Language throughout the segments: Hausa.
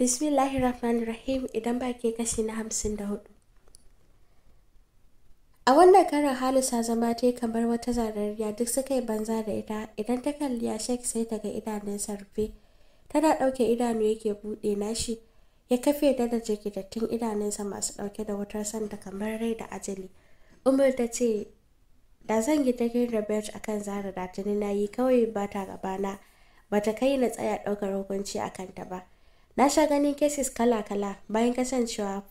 bismillahir rahmanir rahim idan ba ke kashi na hamsin da hudu a wannan karin halisa zama ta kamar wata zarariya duk suka yi banza da ita idan ta kalli ya shek sai ta ga idanunsa rufe tana ɗauke idanu yake buɗe nashi ya kafe da da jikitattun idanunsa masu ɗauke da wutar santa kamar rai da ajali umar ta ce da zan yi gida da birch kan zara da tuni na yi kawai ba ta gabana ba ta kai na tsaya ɗaukar hukunci a kanta ba na sha ganin cases kala-kala bayan kasancewa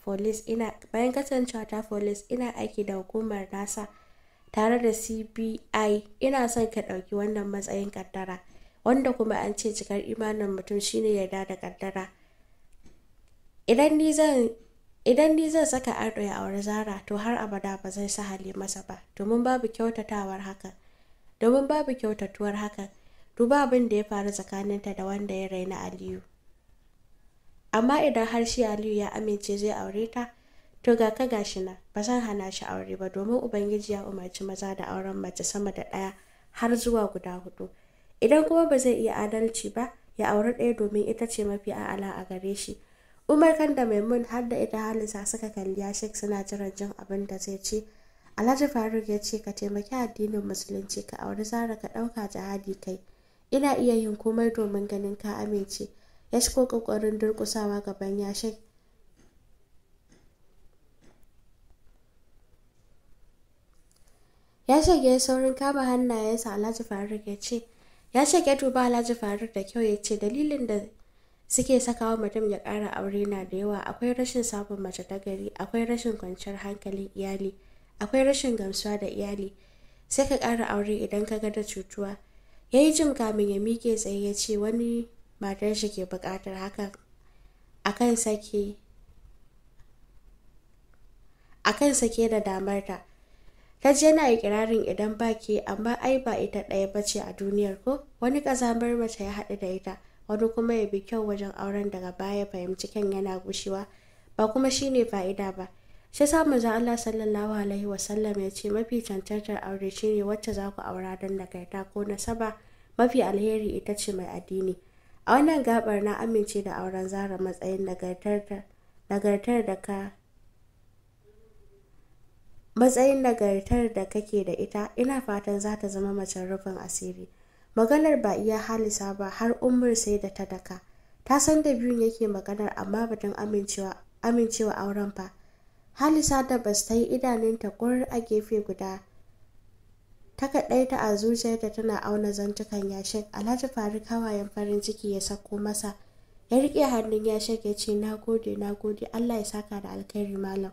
ta police ina aiki da hukumar nasa tare da cbi ina son ka ɗauki wannan matsayin kaddara wanda kuma an ce cikar imanin mutum shine yarda da kaddara idan ni zan idan ni zan saka ardo ya auri zara to har abada ba zai sa hali masa ba domin babu kyautatawar hakan domin babu kyautatuwar hakan duba abin da ya faru tsakaninta da wanda ya raina aliyu amma idan har shi aliyu ya amince zai aure ta to ga ka gashi na ba zan hana shi aure ba domin ubangiji ya umarci maza da auren mace sama da ɗaya har zuwa guda hudu idan kuma ba zai iya adalci ba ya aure ɗaya domin ita ce mafi a'ala a gare shi umar kan da maimun har da ita halisa suka kalli ya shek suna jiran jin abin da zai ce alhaji faruk ya ce ka taimaki addinin musulunci ka auri zara ka ɗauka jihadi kai ina iya yin komai domin ganin ka amince ya shigo kokarin durkusawa gaban yashin ya shige saurin kama hannayensa alhaji faruk ya ce ya shige duba alhaji faruk da kyau ya ce dalilin da suke sakawa mutum ya kara aure na da yawa akwai rashin sabon mace ta gari akwai rashin kwanciyar hankalin iyali akwai rashin gamsuwa da iyali sai ka kara aure idan ka ga da cutuwa ya yi jim kamin ya mike tsaye ya ce wani matar shi ke buƙatar hakan akan sake akan sake da damarta ta ji yana ikirarin idan ba ke amma ai ba ita ɗaya ba ce a duniyar ko wani ƙazamar mace ya haɗu da ita wani kuma ya bi kyau wajen auren daga baya fahimci kyan yana gushewa ba kuma shi ne fa'ida ba shi sa manzon Allah sallallahu alaihi wasallam ya ce mafi cancantar aure shine wacce za ku aura don nagarta ko nasaba mafi alheri ita ce mai addini a wannan gabar na amince da auren zara matsayin nagartar da ka matsayin nagartar da kake da ita ina fatan za ta zama macen rufin asiri maganar ba iya halisa ba har umar sai da ta daka ta san da biyun yake maganar amma batun amincewa amincewa auren fa halisa da basu ta yi idanunta kur a gefe guda ta kaɗaita a zuciyarta tana auna zantukan yashin alhaji faru kawayen farin ciki ya sako masa ya riƙe hannun yashin ya ce na gode na gode allah ya saka da alkhairi malam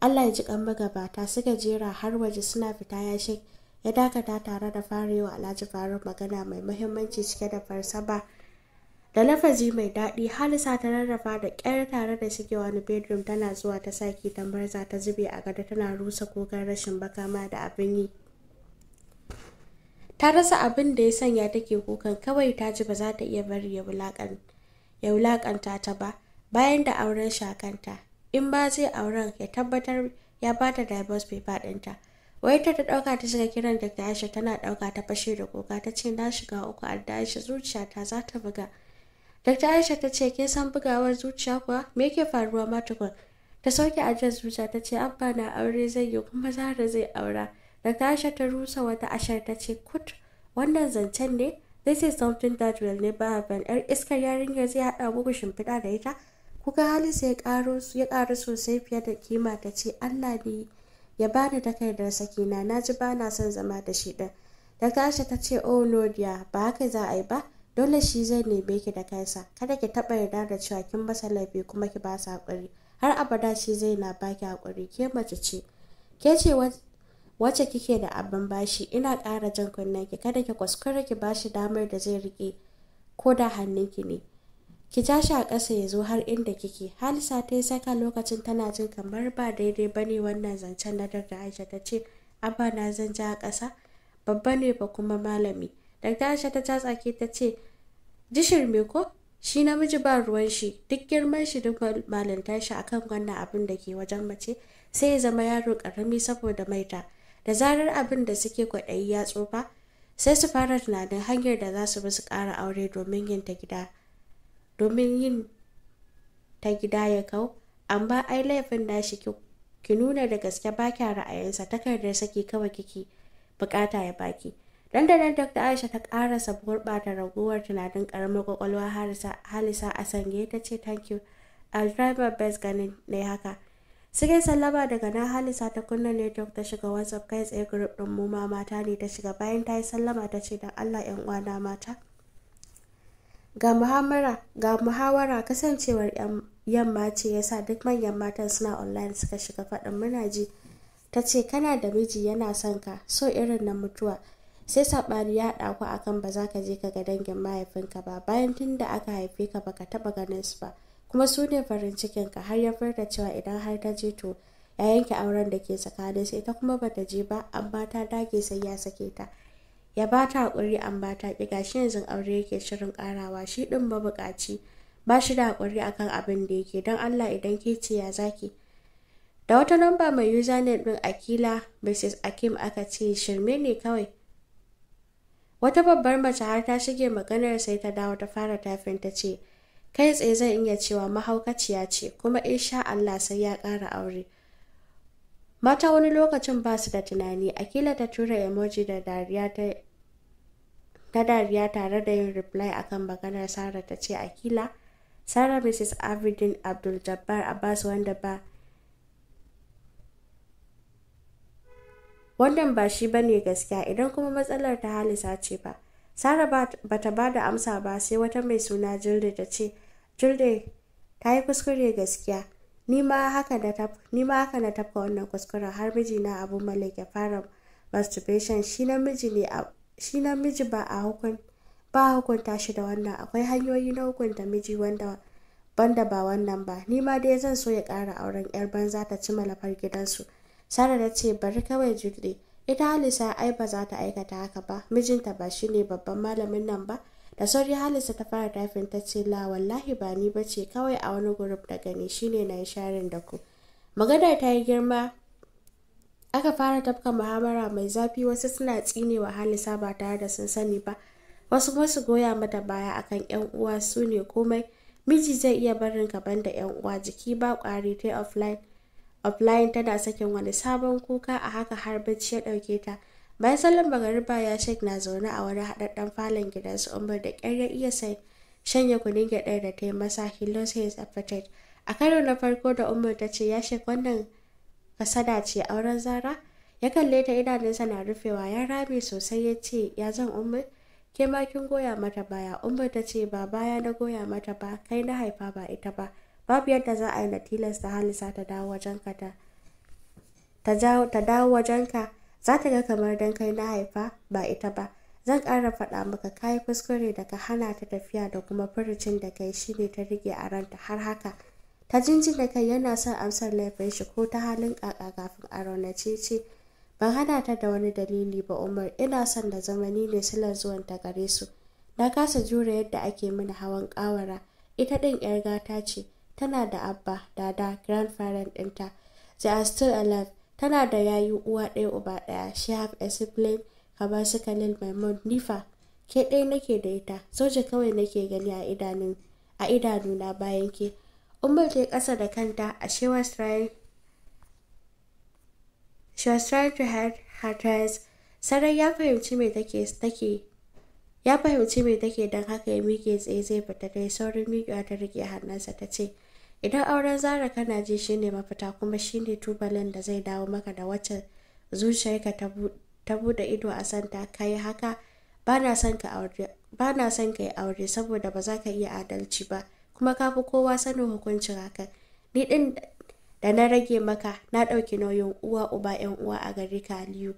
allah ya ji kan magabata suka jera har waje suna fita yashin ya dakata tare da farewa alhaji faru magana mai muhimmanci cike da farsaba da lafazi mai daɗi halisa ta rarrafa da ƙyar tare da shige wani bedroom tana zuwa ta saki tambar za ta zube a gada tana rusa kogar rashin bakama da abin yi ta rasa abin da ya sanya take kukan kawai ta ji ba za ta iya bari ya wulakanta ta ba bayan da auren shakanta in ba zai auren ya tabbatar ya ba ta divorce paper ɗinta wai ta ɗauka ta shiga kiran da Aisha tana ɗauka ta fashe da kuka ta ce na shiga uku a Aisha zuciya ta za ta buga Dr. Aisha ta ce ke san bugawar zuciya kuwa me yake faruwa ma ta sauke ajiyar zuciya ta ce abba na aure zai yi kuma zara zai aura Natasha ta rusa wata ashar ta ce kut wannan zancen ne this is something that will never happen yar iskar yarinyar zai haɗa muku shimfiɗa da ita kuka hali sai ya ƙaru sosai fiye da kima ta ce Allah ne ya bani takardar sakina na ji bana son zama da shi ɗin. Natasha ta ce oh no dear ba haka za a yi ba dole shi zai neme ki da kansa kada ki taɓa yarda da cewa kin masa laifi kuma ki ba sa haƙuri har abada shi zai na baki haƙuri ke mace ce ke ce wacce kike da abin bashi ina kara jan kunnen ki kada ki kuskure ki bashi damar da zai rike ko da hannunki ne ki ja shi a ƙasa ya zo har inda kike halisa ta yi saka lokacin tana jin kamar ba daidai bane wannan zancen na da aisha ta ce abba na zan ja a ƙasa babba ne ba kuma malami da aisha ta tsaki ta ce jishir me ko shi namiji ba ruwan shi duk girman shi duk malintar shi akan wannan abin da ke wajen mace sai ya zama yaro karami saboda maita da zarar abin da suke kwaɗayi ya tsufa sai su fara tunanin hanyar da za su bi su ƙara aure domin yin ta gida domin yin ta gida ya kau amma ai laifin nashi ki nuna da gaske ba kya ra'ayinsa takardar saki kawai kiki bukata ya baki dan da nan dr aisha ta karasa gurɓata raguwar tunanin karamar kwakwalwa halisa a sanye ta ce thank you i'll try my best ganin na haka Suka yi sallama daga nan Halisa ta kunna network ta shiga WhatsApp kai tsaye group din mu ma mata ne ta shiga bayan ta yi sallama ta ce dan Allah yan uwana mata. Ga muhammara ga muhawara kasancewar yamma ce yasa duk manyan matan suna online suka shiga faɗin muna ji. Ta ce kana da miji yana son ka so irin na mutuwa. sai saɓani ya haɗa ku akan ba za ka je ka ga dangin mahaifinka ba bayan tunda aka haife ka baka taɓa ganin su ba kuma su ne farin cikin ka har ya da cewa idan har ta je to ya yanke auren da ke tsakanin sai ta kuma bata je ba amma ta dage sai ya sake ta ya ba ta hakuri amma ta ki gashi yanzu aure yake shirin karawa shi din mabukaci ba shi da hakuri akan abin da yake don Allah idan ke ce ya zaki da wata lamba mai username din akila mrs akim aka ce shirme ne kawai wata babbar mace har ta shige maganar sai ta dawo ta fara tafin ta ce kai tsaye zan iya cewa mahaukaciya ce kuma in sha Allah sai ya ƙara aure mata wani lokacin ba su da tunani akila ta tura emoji da dariya ta ta dariya tare da yin reply akan maganar Sara ta ce akila Sara Mrs. Abidin Abdul Jabbar Abbas wanda ba wannan ba shi bane gaskiya idan kuma matsalar ta halisa ce ba Sara ba ta ba da amsa ba sai wata mai suna Julde ta ce, Julde ta yi kuskure gaskiya, ni ma haka na tafka wannan kuskuren har mijina abu malik ya fara masturbation shi namiji ba a hukun ba hukunta shi da wannan akwai hanyoyi na hukunta miji wanda banda ba wannan ba ni ma dai zan so ya kara auren yar banza ta ci malafar gidansu sara na ce bari kawai julde ita halisa ai ba za ta aikata haka ba mijinta ba shine babban malamin nan ba da sauri halisa ta fara tafin ta ce la wallahi ba ni ba ce kawai a wani gurup da gani shine na sharin da ku maganar ta yi girma aka fara tafka muhammara mai zafi wasu suna tsinewa halisa ba tare da sun sani ba wasu kuma su goya mata baya akan yan uwa su ne komai miji zai iya barin ka banda yan uwa jiki ba kwari ta offline offline tana sakin wani sabon kuka a haka har bacci ya ɗauke ta bayan sallan magariba ya shek na zaune a wani haɗaɗɗen falon gidansu umar da kyar ya iya sai shanya kunin gyaɗa da ta yi masa he lost his appetite a karo na farko da umar ta ce ya shek wannan kasada ce auren zara ya kalle ta idanunsa na rufewa ya rame sosai ya ce ya zan umar ke goya mata baya umar ta ce ba baya na goya mata ba kai na haifa ba ita ba babu yadda za a yi na tilasta halisa ta dawo wajenka ta ta dawo wajenka za ta ga kamar dan kai na haifa ba ita ba zan ƙara faɗa maka yi kuskure da ka hana ta tafiya da kuma furucin da kai shi ne ta rike a ranta har haka ta da kai yana son amsar laifin shi ko ta halin ƙaƙa kafin a raunace ce ban hana ta da wani dalili ba umar ina son da zamani ne silar zuwan ta gare su na kasa jure yadda ake mini hawan ƙawara ita ɗin yar gata ce tana da abba dada grandparent ɗinta they are still alive tana da yayu uwa ɗaya uba ɗaya she have a sibling kamar su kalil maimun nifa ke ɗaya nake da ita soja kawai nake gani a idanun a idanuna bayan ke umar ta ƙasa da kanta a she was trying to hide her tears sarai ya fahimci mai take take ya fahimci me take don haka ya mike tsaye zai fita dai saurin miƙewa ta rike hannunsa ta ce idan auren zara kana ji shine mafita kuma shine tubalin da zai dawo maka da wacce zuciyarka ta bude ido a santa ka yi haka ba na son ka yi aure saboda ba za ka iya adalci ba kuma ka fi kowa sanin hukuncin haka ni din da na rage maka na ɗauki nauyin uwa uba yan uwa a gari ka aliyu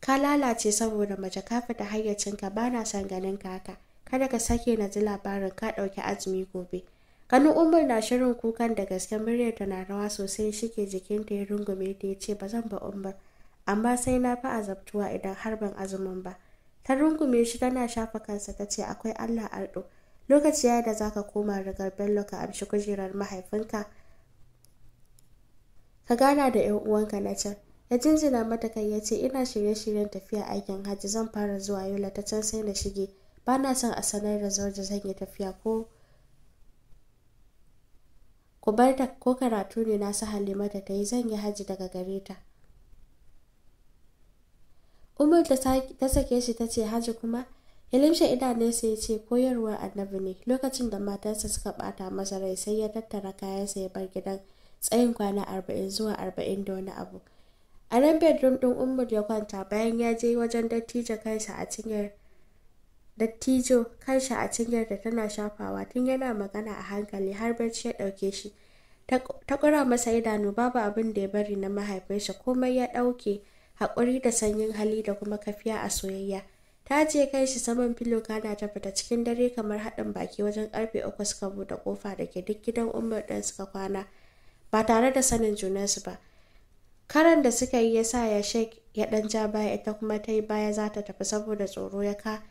ka lalace saboda mace ka fita hayyacinka ba na son ganin ka haka kada ka sake na ji labarin ka ɗauki azumi gobe kanu umar na shirin kukan da gaske muryar ta na rawa sosai shike jikinta ya rungume ta ya ce ba zan ba umar amma sai na fi azabtuwa idan har ban azumin ba ta rungume shi tana shafa kansa ta ce akwai allah ardo lokaci ya da zaka koma rigar bello ka amshi kujerar mahaifinka ka gana da yan uwanka na can ya jinjina mata kai ya ce ina shirye-shiryen tafiya aikin hajji zan fara zuwa yola ta can sai na shige ba na son a sanar da zan yi tafiya ko ku bar ta ko karatu ne na su halimata ta yi zan yi haji daga gare ta umar ta sake shi ta ce haji kuma ya limshe idanunsa ya ce koyarwar annabi ne lokacin da matarsa suka bata masa rai sai ya tattara kayansa ya bar gidan tsayin kwana arba'in zuwa arba'in da wani abu a nan bedroom ɗin umar ya kwanta bayan ya je wajen dattijo kansa a cinyar dattijo kanshi a cinyar da tana shafawa tun yana magana a hankali har barci ya ɗauke shi ta ƙura masa idanu babu abin da ya bari na mahaifinsa komai ya ɗauke haƙuri da sanyin hali da kuma kafiya a soyayya ta je kai shi saman filo kana ta fita cikin dare kamar haɗin baki wajen ƙarfe uku suka buɗe ƙofa da ke duk gidan umar ɗin suka kwana ba tare da sanin junansu ba karan da suka yi ya sa ya shek ya ɗan ja baya ita kuma ta yi baya za ta tafi saboda tsoro ya ka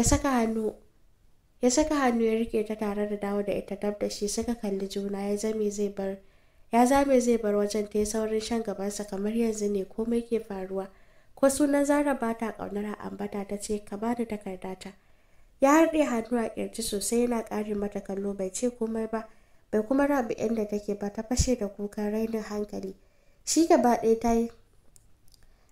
ya saka hannu ya rike ta tare da dawo da ita dab da shi suka kalli juna ya zame zai bar ya zame zai bar wajen ta yi saurin shan gabansa kamar yanzu ne komai ke faruwa ko sunan zara ba ta ƙaunar ambata ta ce ka bada takarda ta ya harɗe hannu a ƙirji sosai yana ƙarin mata kallo bai ce komai ba bai kuma rabu inda take ba ta fashe da kukan rainin hankali shi gaba ɗaya ta yi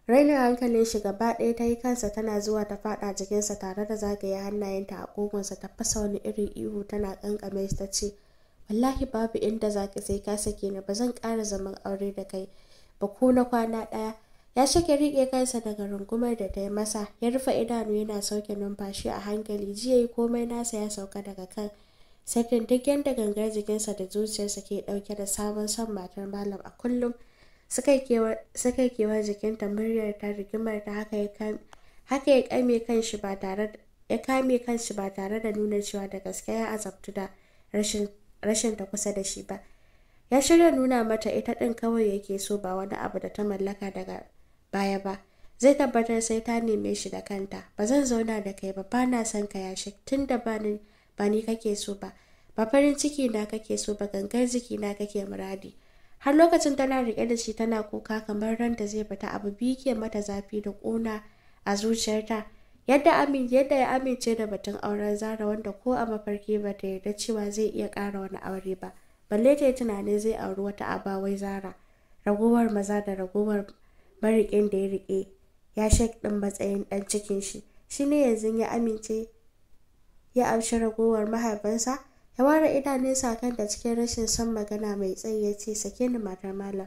rainin hankalin shi gaba ɗaya ta yi kansa tana zuwa ta faɗa jikinsa tare da zagaye hannayenta a ƙugunsa ta fasa wani irin ihu tana ƙanƙame ta ce wallahi babu inda zaki ka sai ka sake ni ba zan ƙara zaman aure da kai ba ko na kwana ɗaya ya shake riƙe kansa daga rungumar da ta yi masa ya rufe idanu yana sauke numfashi a hankali jiya yi komai nasa ya sauka daga kan sakin duk yadda gangar jikinsa da zuciyarsa ke ɗauke da sabon son matar malam a kullum suka yi kewar jikinta muryar ta rigimar ta haka ya kame shi ba tare da ya kame shi ba tare da nuna cewa da gaske ya azabtu da rashin ta kusa da shi ba ya shirya nuna mata ita ɗin kawai yake so ba wani abu da ta mallaka daga baya ba zai tabbatar sai ta neme shi da kanta ba zan zauna da kai ba ba na son ka yashi tun da ba ni kake so ba ba farin ciki na kake so ba gangar jiki na kake muradi har lokacin tana riƙe da shi tana kuka kamar ranta zai fita abu biyu ke mata zafi da ƙuna a zuciyarta yadda amin yadda ya amince da batun auren zara wanda ko a mafarki ba ta yarda cewa zai iya ƙara wani aure ba balle ta yi tunanin zai auri wata wai zara ragowar maza da ragowar mariƙin da ya riƙe ya shek ɗin matsayin ɗan cikin shi shine yanzu ya amince ya amshi ragowar mahaifinsa ya ware idanun sakan da cikin rashin son magana mai tsayi ya ce sake ni matar malam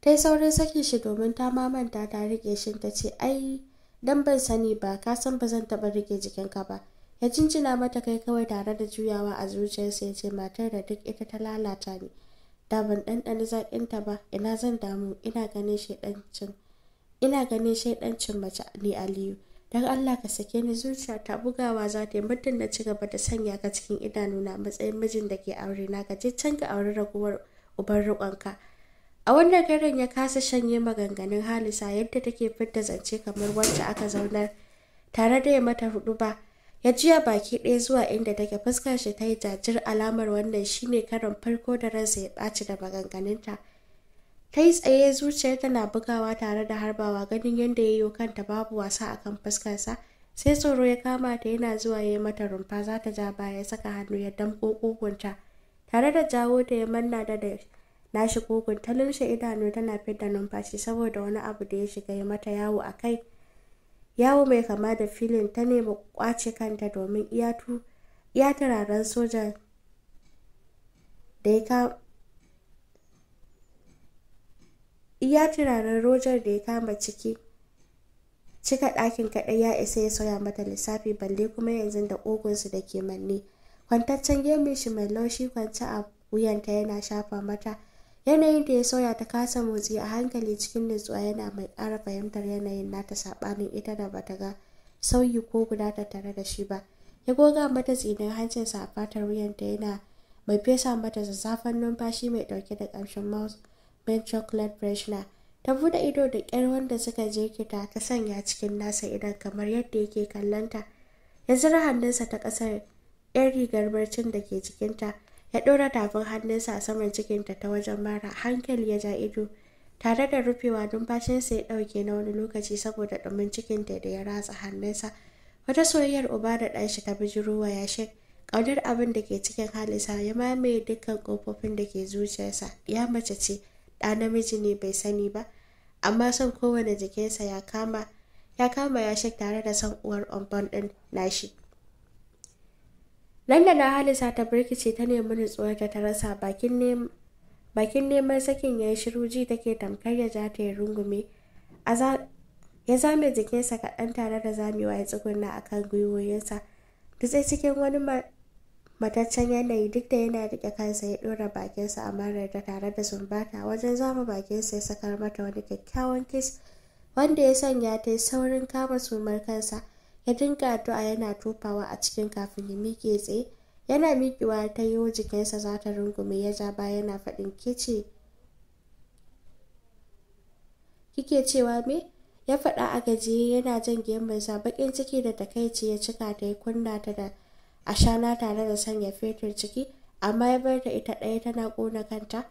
ta yi saurin sakin shi domin ta mamanta ta rike shi ta ce ai dan ban sani ba ka san ba zan taɓa rike jikinka ba ya jinjina mata kai kawai tare da juyawa a zuciyarsa ya ce matar da duk ita ta lalata ni da ban ɗanɗani ta ba ina zan damu ina ganin shaiɗancin ina ganin shaidancin mace ne aliyu dan Allah ka sake ni zuciya ta bugawa za ta yi muddin na ci gaba da sanya ka cikin idanuna matsayin mijin da ke aure na ka je can ga aure raguwar uban riƙonka a wannan garin ya kasa shanye maganganun halisa yadda take fidda zance kamar wacce aka zaunar tare da ya mata hudu ba ya jiya baki ɗaya zuwa inda take fuskar shi ta yi jajir alamar wannan shine karon farko da ransa ya ɓaci da maganganunta. ta kai tsaye zuciyar tana bugawa tare da harbawa ganin yadda ya yi kanta babu wasa a kan fuskarsa sai tsoro ya kama ta yana zuwa ya yi mata rumfa za ta ja baya saka hannu ya damƙo kogunta tare da jawo ta ya manna da da nashi kogun ta lumshe idanu tana fidda numfashi saboda wani abu da ya shiga ya mata yawo a kai yawo mai kama da filin ta nemi kwace kanta domin iya turaren sojan da ya iya tunanin rojar da ya kama ciki cika ɗakin kaɗai ya isa ya sauya mata lissafi balle kuma yanzu da ƙugunsu da ke manne kwantaccen gemin shi mai laushi kwance a wuyanta yana shafa mata yanayin da ya sauya ta kasa motsi a hankali cikin nutsuwa yana mai ƙara fahimtar yanayin nata saɓanin ita da bata ga sauyi ko guda ta tare da shi ba ya goga mata tsinin hancinsa a fatar wuyanta yana mai fesa mata zazzafan numfashi mai ɗauke da ƙamshin mouse mint chocolate na ta bude ido da ƙyar wanda suka je kita ta sanya cikin nasa idan kamar yadda yake kallonta ya zira hannunsa ta ƙasar yan rigar barcin da ke jikinta ya ɗora tafin hannunsa a saman cikinta ta wajen mara hankali ya ja ido tare da rufewa numfashinsa ya ɗauke na wani lokaci saboda ɗumin cikinta da ya ratsa hannunsa wata soyayyar uba da ɗanshi ta bijiro ya yashin ƙaunar abin da ke cikin halisa ya mamaye dukkan ƙofofin da ke zuciyarsa ya mace ce ɗa namiji ne bai sani ba amma son kowane jikinsa ya kama ya kama ya shi tare da son uwar ombon ɗin nashi nan da halisa ta birkice ta nemi nutsuwar ta ta rasa bakin neman sakin ya yi shiru ji take tamkar ya ja ta yi rungume ya zame jikinsa kaɗan tare da zamewa ya tsugunna a kan gwiwoyinsa dutse cikin wani mataccen yanayi duk da yana rike kansa ya ɗora bakinsa a da tare da zumbata wajen zama bakinsa ya sakar mata wani kyakkyawan kis wanda ya sanya ta saurin kama sumar kansa ya dinga addu'a yana tufawa a cikin kafin ya miƙe tsaye yana miƙewa ta yi jikinsa za ta rungume ya ja baya yana faɗin kice kike cewa me ya faɗa a gajiye yana jan gemunsa bakin ciki da takaici ya cika ta ya kunna ta da a shana tare da sanya fetur ciki amma ya bar da ita ɗaya tana ƙona kanta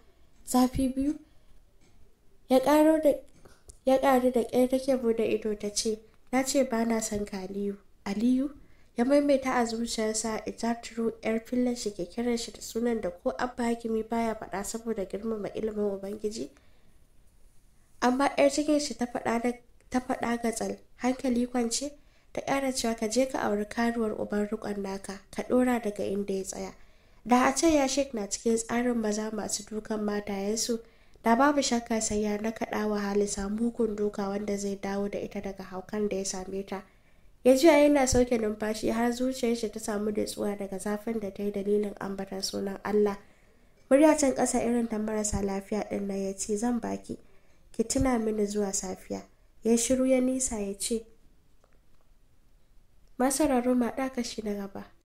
zafi biyu ya ƙaru da ƙyar take bude ido ta ce na ce ba na son ka aliyu ya maimaita a zuciyarsa ita turo yar fillan shi ke kiran shi da sunan da ko abba hakimi baya faɗa saboda girmama ilimin ubangiji amma yar cikin shi ta faɗa ga tsal hankali kwance ta kyara cewa ka je ka auri karuwar uban rikon naka ka ɗora daga inda ya tsaya da a ce ya shek na cikin tsarin maza masu dukan mata matayensu da babu shakka sai ya nakaɗa wa halisa mugun duka wanda zai dawo da ita daga haukan da ya same ta ya ji na sauke numfashi har zuciyar shi ta samu datsuwa daga zafin da ta yi dalilin ambatan sunan allah murya can ƙasa irin ta marasa lafiya ɗin na ya ce zan baki ki tuna mini zuwa safiya ya shiru ya nisa ya ce masarar sauraro ma ɗa kashi na gaba.